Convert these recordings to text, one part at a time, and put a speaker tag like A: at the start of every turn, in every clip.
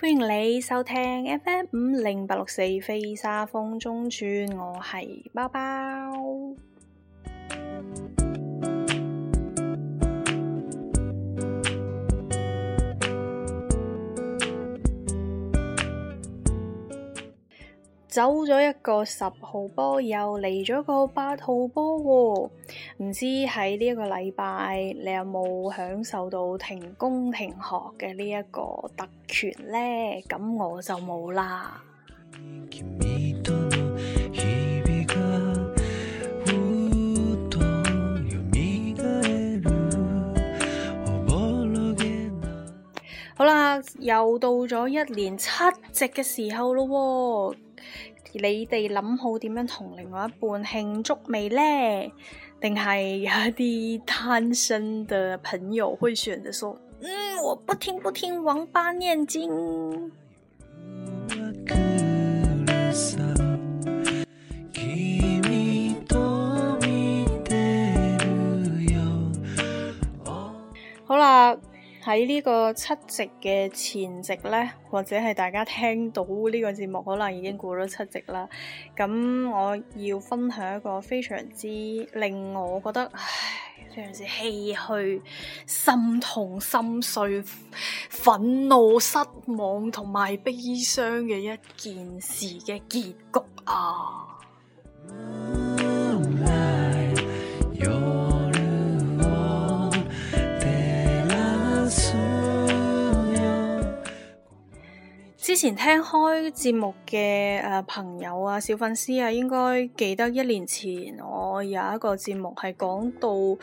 A: 歡迎你收聽 FM 五零八六四飛沙風中轉，我係包包。走咗一個十號波，又嚟咗個八號波喎，唔知喺呢一個禮拜你有冇享受到停工停學嘅呢一個特權呢？咁我就冇啦。 好啦，又到咗一年七夕嘅時候咯。你哋諗好點樣同另外一半慶祝未呢？定係有一啲單身嘅朋友會選擇說：嗯，我不聽不聽，王八念經。喺呢個七夕嘅前夕呢，或者係大家聽到呢個節目，可能已經過咗七夕啦。咁我要分享一個非常之令我覺得唉，非常之唏噓、心痛、心碎、憤怒、失望同埋悲傷嘅一件事嘅結局啊。Your life, your 之前聽開節目嘅，誒、呃、朋友啊，小粉絲啊，應該記得一年前我有一個節目係講到誒、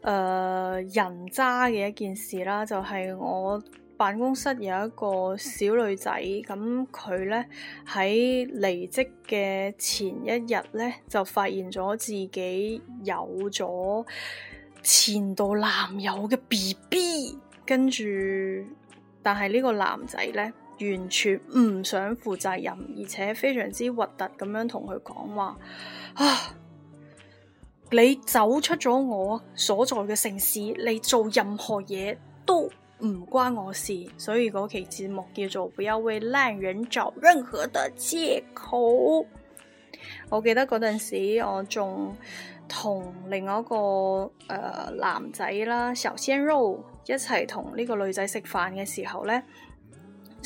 A: 呃、人渣嘅一件事啦，就係、是、我辦公室有一個小女仔，咁佢呢喺離職嘅前一日呢，就發現咗自己有咗前度男友嘅 BB，跟住但係呢個男仔呢。完全唔想負責任，而且非常之核突咁樣同佢講話啊！你走出咗我所在嘅城市，你做任何嘢都唔關我事。所以嗰期節目叫做不要為爛人找任何的借口。我記得嗰陣時，我仲同另外一個誒、呃、男仔啦，小鮮肉一齊同呢個女仔食飯嘅時候呢。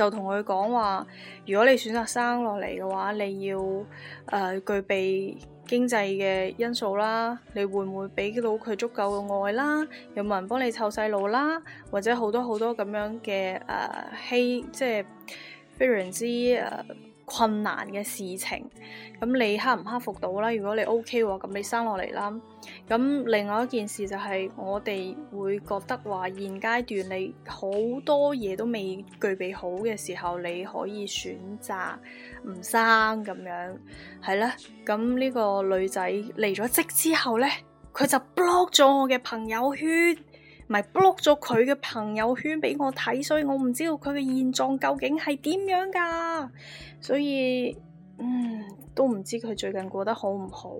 A: 就同佢講話，如果你選擇生落嚟嘅話，你要誒、呃、具備經濟嘅因素啦，你會唔會俾到佢足夠嘅愛啦？有冇人幫你湊細路啦？或者好多好多咁樣嘅誒希，呃、hey，即係非常之，t、呃困難嘅事情，咁你克唔克服到啦？如果你 OK 喎，咁你生落嚟啦。咁另外一件事就係我哋會覺得話，現階段你好多嘢都未具備好嘅時候，你可以選擇唔生咁樣，係啦。咁呢個女仔離咗職之後呢，佢就 block 咗我嘅朋友圈。咪 block 咗佢嘅朋友圈俾我睇，所以我唔知道佢嘅現狀究竟係點樣噶，所以嗯，都唔知佢最近過得好唔好。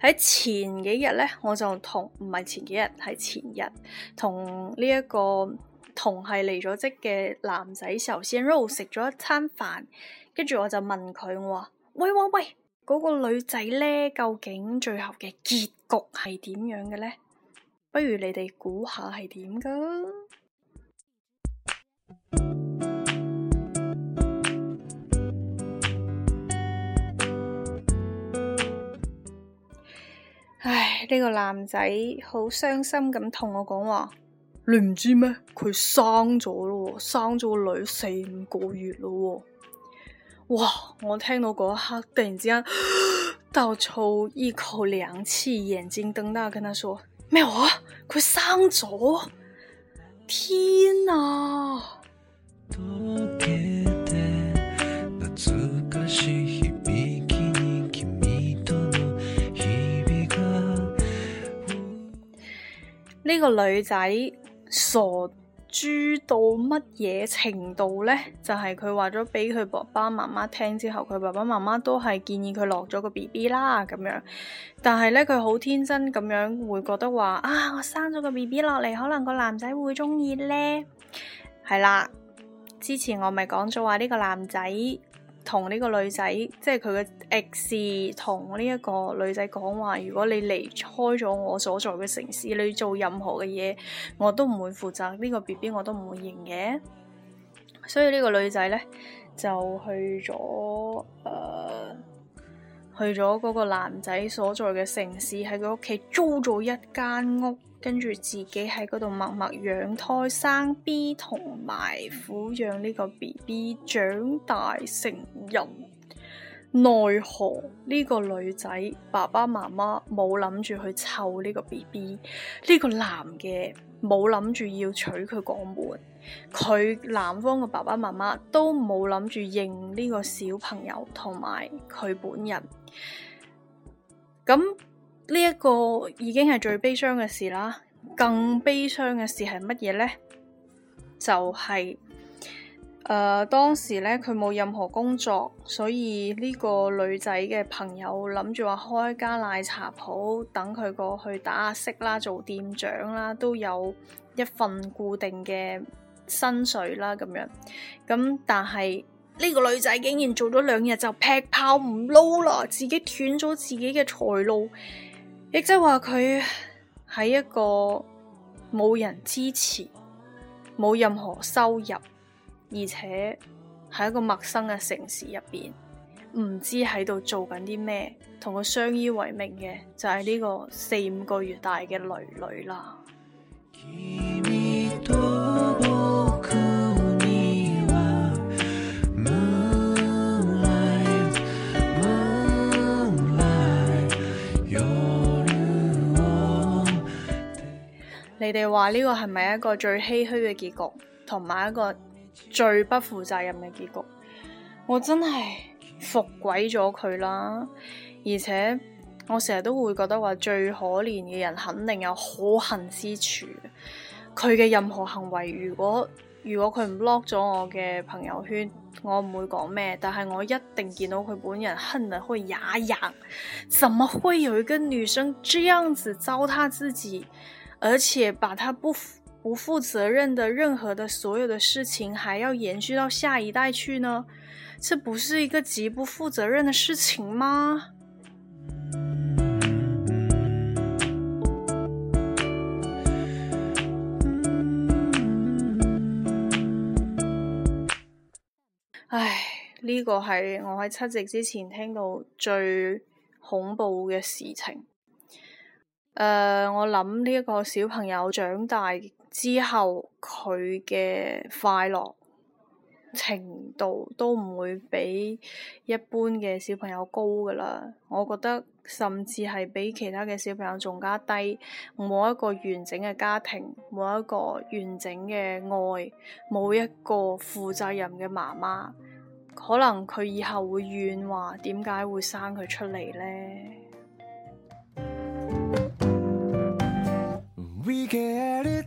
A: 喺前幾日呢，我就同唔係前幾日係前日，同呢一個同係離咗職嘅男仔首先 Sarah 食咗一餐飯，跟住我就問佢，我話喂喂喂，嗰個女仔呢，究竟最後嘅結局係點樣嘅呢？」不如你哋估下係點噶？唉，呢個男仔好傷心咁同我講話，你唔知咩？佢生咗咯，生咗個女四五個月咯。哇！我聽到嗰一刻，突然之間倒抽一口涼氣，眼睛瞪大，跟他說。咩話？佢生咗？
B: 天
A: 啊！呢 個女仔傻。豬到乜嘢程度呢？就係佢話咗俾佢爸爸媽媽聽之後，佢爸爸媽媽都係建議佢落咗個 B B 啦咁樣。但係咧，佢好天真咁樣會覺得話：「啊，我生咗個 B B 落嚟，可能個男仔會中意呢。」係啦，之前我咪講咗話呢個男仔。同呢個女仔，即係佢嘅 ex 同呢一個女仔講話：如果你離開咗我所在嘅城市，你做任何嘅嘢，我都唔會負責。呢個 B B 我都唔會認嘅。所以呢個女仔呢，就去咗誒，呃去咗嗰個男仔所在嘅城市，喺佢屋企租咗一間屋，跟住自己喺嗰度默默養胎生 B，同埋撫養呢個 BB 長大成人。奈何呢個女仔爸爸媽媽冇諗住去湊呢個 BB，呢個男嘅冇諗住要娶佢過門，佢男方嘅爸爸媽媽都冇諗住認呢個小朋友同埋佢本人。咁呢一個已經係最悲傷嘅事啦，更悲傷嘅事係乜嘢呢？就係、是。誒、呃，當時咧佢冇任何工作，所以呢個女仔嘅朋友諗住話開間奶茶鋪，等佢過去打下色啦，做店長啦，都有一份固定嘅薪水啦，咁樣。咁但係呢個女仔竟然做咗兩日就劈炮唔撈啦，自己斷咗自己嘅財路，亦即係話佢喺一個冇人支持，冇任何收入。而且喺一個陌生嘅城市入邊，唔知喺度做緊啲咩，同佢相依為命嘅就係呢個四五個月大嘅女女啦。你哋話呢個係咪一個最唏噓嘅結局，同埋一個？最不負責任嘅結局，我真係服鬼咗佢啦！而且我成日都會覺得話最可憐嘅人肯定有可恨之處。佢嘅任何行為，如果如果佢唔 lock 咗我嘅朋友圈，我唔會講咩，但係我一定見到佢本人，恨得以牙癢。怎麼會有一個女生這樣子糟蹋自己，而且把他不？不負責任的任何的所有的事情，還要延續到下一代去呢？這不是一個極不負責任的事情嗎？唉，呢個係我喺七夕之前聽到最恐怖嘅事情。呃、我諗呢一個小朋友長大。之後佢嘅快樂程度都唔會比一般嘅小朋友高㗎喇，我覺得甚至係比其他嘅小朋友仲加低。冇一個完整嘅家庭，冇一個完整嘅愛，冇一個負責任嘅媽媽，可能佢以後會怨話「點解會生佢出嚟呢？」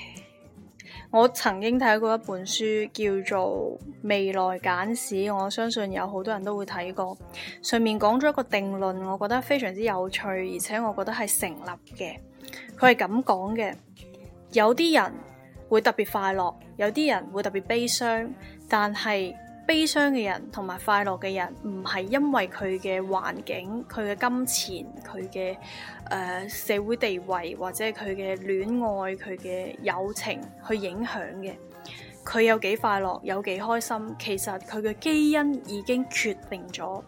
A: 我曾經睇過一本書叫做《未來簡史》，我相信有好多人都會睇過。上面講咗一個定論，我覺得非常之有趣，而且我覺得係成立嘅。佢係咁講嘅：有啲人會特別快樂，有啲人會特別悲傷，但係，悲傷嘅人同埋快樂嘅人，唔係因為佢嘅環境、佢嘅金錢、佢嘅誒社會地位，或者佢嘅戀愛、佢嘅友情去影響嘅。佢有幾快樂，有幾開心，其實佢嘅基因已經決定咗。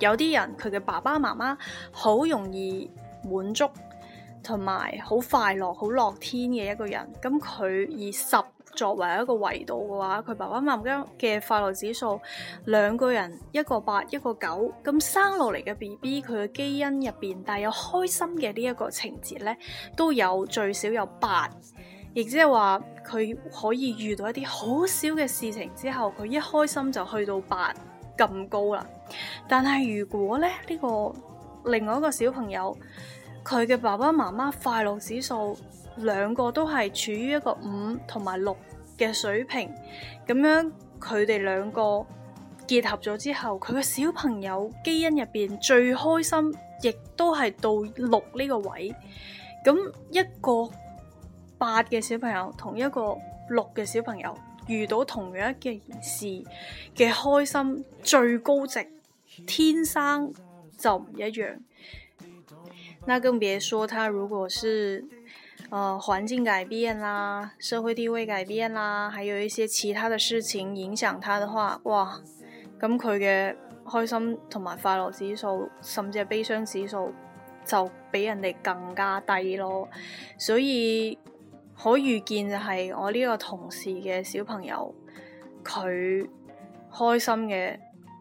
A: 有啲人，佢嘅爸爸媽媽好容易滿足，同埋好快樂、好樂天嘅一個人，咁佢以……十。作為一個維度嘅話，佢爸爸媽媽嘅快樂指數，兩個人一個八一個九，咁生落嚟嘅 B B 佢嘅基因入邊，帶有開心嘅呢一個情節呢，都有最少有八，亦即係話佢可以遇到一啲好少嘅事情之後，佢一開心就去到八咁高啦。但係如果咧呢、這個另外一個小朋友，佢嘅爸爸媽媽快樂指數，兩個都係處於一個五同埋六嘅水平，咁樣佢哋兩個結合咗之後，佢嘅小朋友基因入邊最開心，亦都係到六呢個位。咁一個八嘅小朋友同一個六嘅小朋友遇到同樣一件事嘅開心最高值，天生就唔一樣。那更別說他如果是，呃環境改變啦，社會地位改變啦，還有一些其他的事情影響他的話，哇，咁佢嘅開心同埋快樂指數，甚至係悲傷指數就比人哋更加低咯。所以可預見就係我呢個同事嘅小朋友，佢開心嘅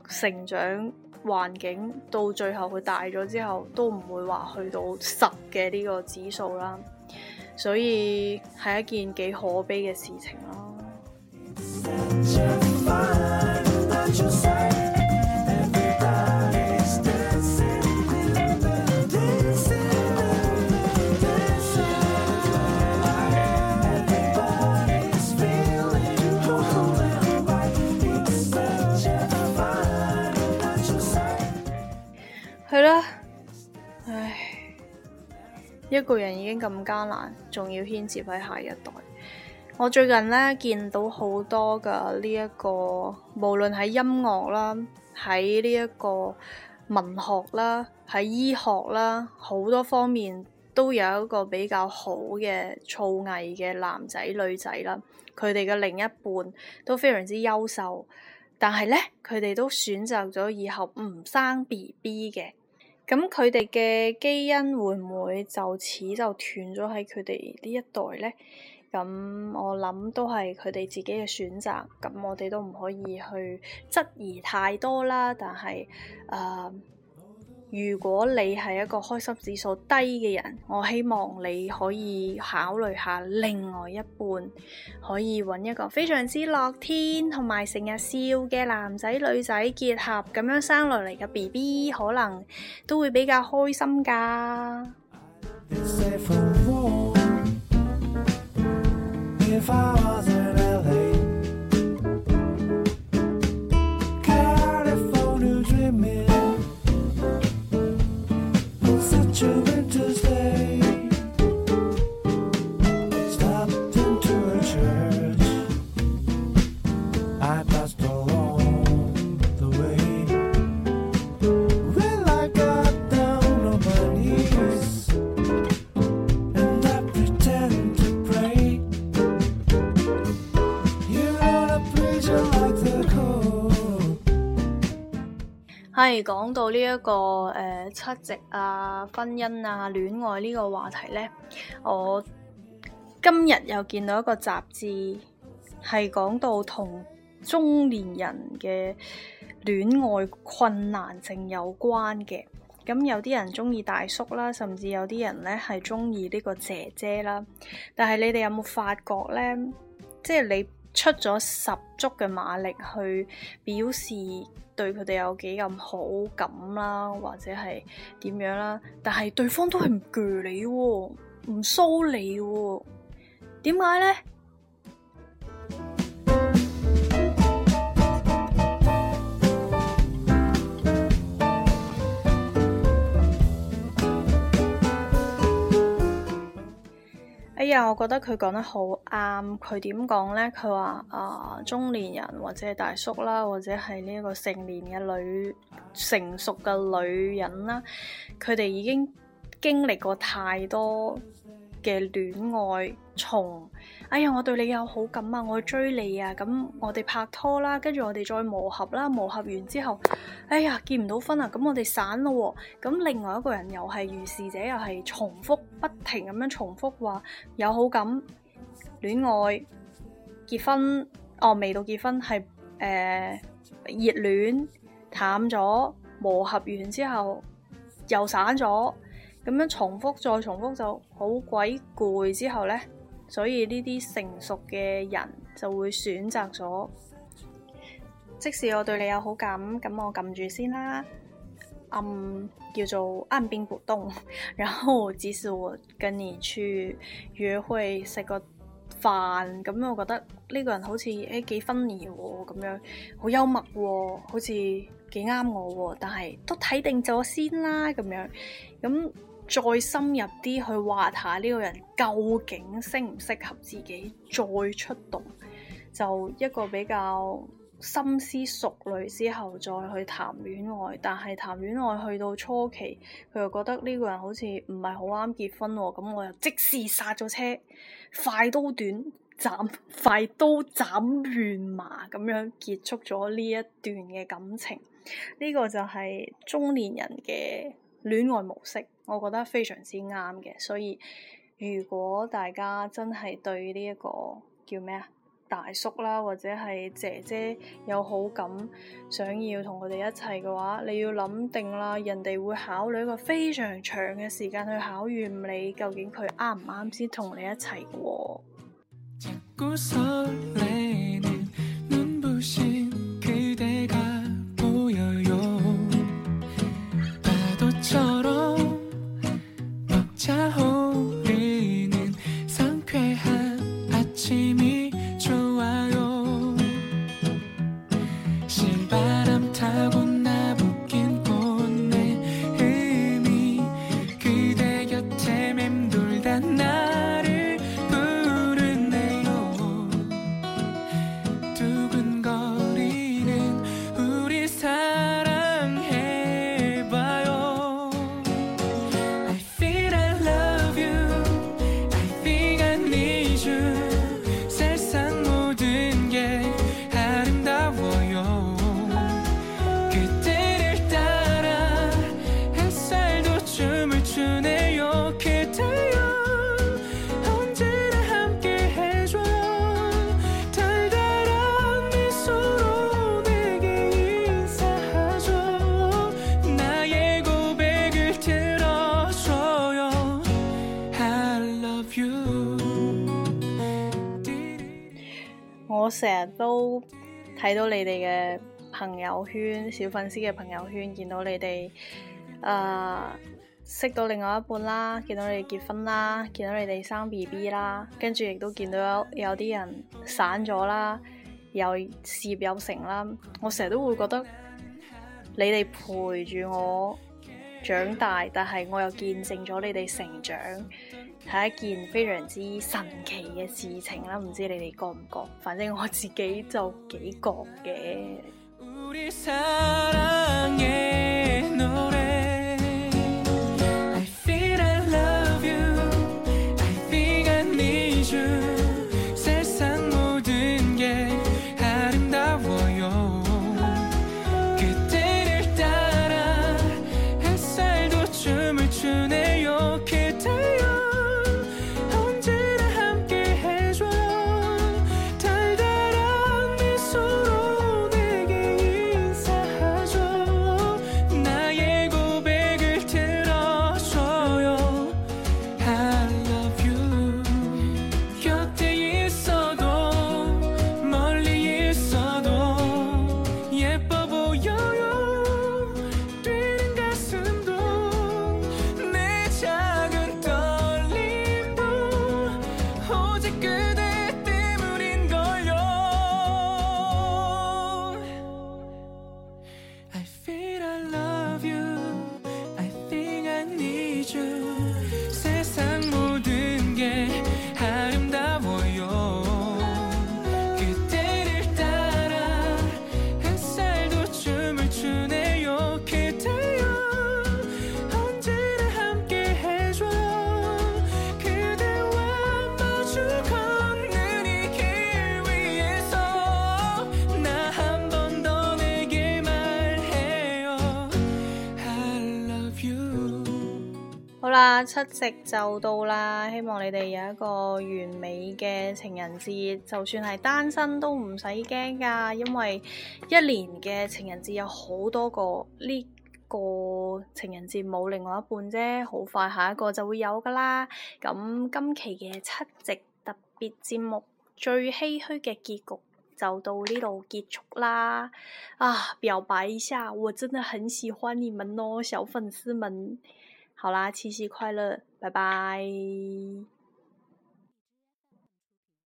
A: 成長。環境到最後佢大咗之後，都唔會話去到十嘅呢個指數啦，所以係一件幾可悲嘅事情咯。個人已經咁艱難，仲要牽涉喺下一代。我最近呢見到好多嘅呢一個，無論喺音樂啦、喺呢一個文學啦、喺醫學啦，好多方面都有一個比較好嘅造詣嘅男仔女仔啦。佢哋嘅另一半都非常之優秀，但係呢，佢哋都選擇咗以後唔生 BB 嘅。咁佢哋嘅基因會唔會就此就斷咗喺佢哋呢一代咧？咁我諗都係佢哋自己嘅選擇，咁我哋都唔可以去質疑太多啦。但係，誒，uh。如果你係一個開心指數低嘅人，我希望你可以考慮下另外一半，可以揾一個非常之樂天同埋成日笑嘅男仔女仔結合，咁樣生落嚟嘅 BB 可能都會比較開心㗎。 係講到呢、這、一個誒、呃、七夕啊、婚姻啊、戀愛呢個話題呢，我今日又見到一個雜誌係講到同中年人嘅戀愛困難症有關嘅。咁有啲人中意大叔啦，甚至有啲人呢係中意呢個姐姐啦。但係你哋有冇發覺呢？即係你。出咗十足嘅馬力去表示對佢哋有幾咁好感啦，或者係點樣啦，但係對方都係唔拒你喎，唔騷你喎，點解呢？我覺得佢講得好啱。佢點講呢？佢話啊，中年人或者係大叔啦，或者係呢一個成年嘅女成熟嘅女人啦，佢哋已經經歷過太多嘅戀愛從。哎呀，我對你有好感啊，我追你啊，咁我哋拍拖啦，跟住我哋再磨合啦，磨合完之後，哎呀，結唔到婚啊，咁我哋散咯喎，啊，咁另外一個人又係如是者，又係重複不停咁樣重複話有好感、戀愛、結婚，哦，未到結婚係誒熱戀，淡咗磨合完之後又散咗，咁樣重複再重複就好鬼攰，之後呢。所以呢啲成熟嘅人就會選擇咗，即使我對你有好感，咁我撳住先啦。暗、嗯、叫做按兵不動。然後即使我跟你去約去食個飯，咁我覺得呢個人好似誒幾 funny 喎，咁、欸、樣好幽默喎，好似幾啱我喎，但係都睇定咗先啦，咁樣咁。再深入啲去話下呢個人究竟適唔適合自己，再出動，就一個比較深思熟慮之後再去談戀愛。但係談戀愛去到初期，佢又覺得呢個人好似唔係好啱結婚喎，咁我又即時剎咗車，快刀短斬，快刀斬亂麻咁樣結束咗呢一段嘅感情。呢、呢個就係中年人嘅戀愛模式，我覺得非常之啱嘅。所以如果大家真係對呢一個叫咩啊大叔啦，或者係姐姐有好感，想要同佢哋一齊嘅話，你要諗定啦，人哋會考慮一個非常長嘅時間去考驗你，究竟佢啱唔啱先同你一齊嘅喎。 我成日都睇到你哋嘅朋友圈，小粉絲嘅朋友圈，見到你哋啊、呃、識到另外一半啦，見到你哋結婚啦，見到你哋生 BB 啦，跟住亦都見到有啲人散咗啦，又事業有成啦，我成日都會覺得你哋陪住我長大，但係我又見證咗你哋成長。係一件非常之神奇嘅事情啦，唔知你哋覺唔覺？反正我自己就幾覺
B: 嘅。
A: 好啦，七夕就到啦，希望你哋有一個完美嘅情人節。就算係單身都唔使驚噶，因為一年嘅情人節有好多個，呢個情人節冇另外一半啫，好快下一個就會有噶啦。咁今期嘅七夕特別節目最唏嘘嘅結局就到呢度結束啦。啊，表白一下，我真的很喜歡你們咯，小粉絲們。好啦，七夕快樂，拜拜。